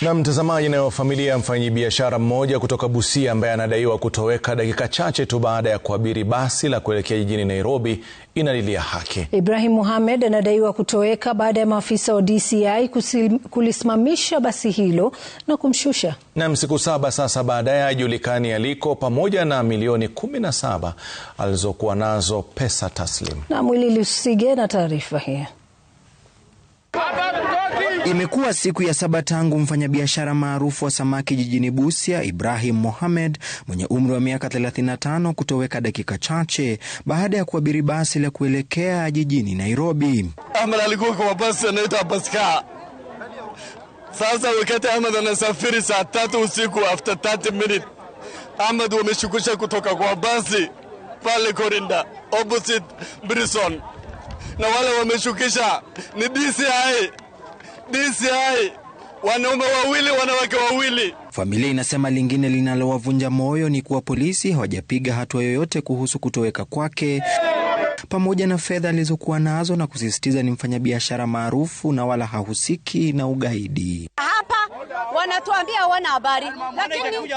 Na mtazamaji, nayo familia ya mfanyabiashara mmoja kutoka Busia ambaye anadaiwa kutoweka dakika chache tu baada ya kuabiri basi la kuelekea jijini Nairobi inalilia haki. Ibrahim Mohamed anadaiwa kutoweka baada ya maafisa wa DCI kulisimamisha basi hilo na kumshusha. Nam, siku saba sasa baadaye hajulikani aliko pamoja na milioni kumi saba alizokuwa nazo pesa taslimu. Na Mwili Lusige na taarifa hii. Imekuwa siku ya saba tangu mfanyabiashara maarufu wa samaki jijini Busia, Ibrahim Mohamed mwenye umri wa miaka 35 kutoweka dakika chache baada ya kuabiri basi la kuelekea jijini Nairobi. Ahmed alikuwa kwa basi anaitwa Paska. Sasa wakati Ahmed anasafiri saa tatu usiku, after 30 minutes Ahmed wameshukusha kutoka kwa basi pale Korinda opposite Brison, na wale wameshukisha ni DCI DCI wanaume wawili wanawake wawili. Familia inasema lingine linalowavunja moyo ni kuwa polisi hawajapiga hatua yoyote kuhusu kutoweka kwake pamoja na fedha alizokuwa nazo na kusisitiza ni mfanyabiashara maarufu na wala hahusiki na ugaidi. Hapa wanatuambia hawana habari, lakini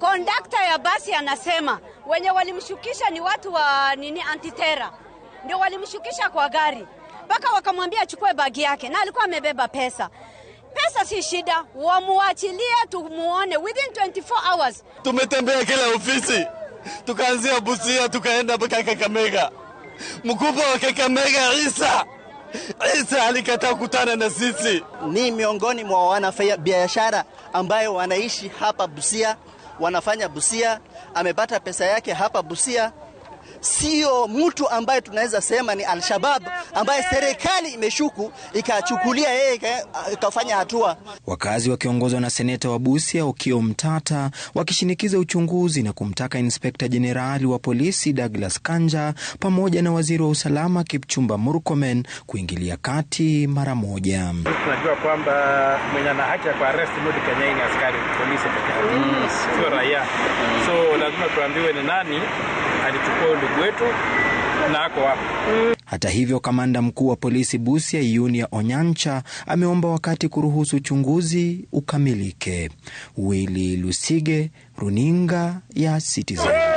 kondakta ya basi anasema wenye walimshukisha ni watu wa nini, antitera ndio walimshukisha kwa gari mpaka wakamwambia achukue bagi yake, na alikuwa amebeba pesa. Pesa si shida, wamuachilie tumuone within 24 hours. Tumetembea kila ofisi, tukaanzia Busia, tukaenda mpaka Kakamega. Mkubwa wa Kakamega Isa Isa alikataa kutana na sisi. Ni miongoni mwa wanafanya biashara ambayo wanaishi hapa Busia, wanafanya Busia, amepata pesa yake hapa Busia sio mtu ambaye tunaweza sema ni Al-Shabab ambaye serikali imeshuku ikachukulia yeye ikafanya hatua. Wakazi wakiongozwa na seneta wa Busia Okiya Mtata wakishinikiza uchunguzi na kumtaka inspekta jenerali wa polisi Douglas Kanja pamoja na waziri wa usalama Kipchumba Murkomen kuingilia kati mara moja. Tunajua kwamba mwenye ana haki ya ni askari polisi mm. sio raia, so lazima tuambiwe ni nani alichukua ndugu wetu na ako hapa. Hata hivyo, kamanda mkuu wa polisi Busia Yunia Onyancha ameomba wakati kuruhusu uchunguzi ukamilike. Willy Lusige, runinga ya Citizen.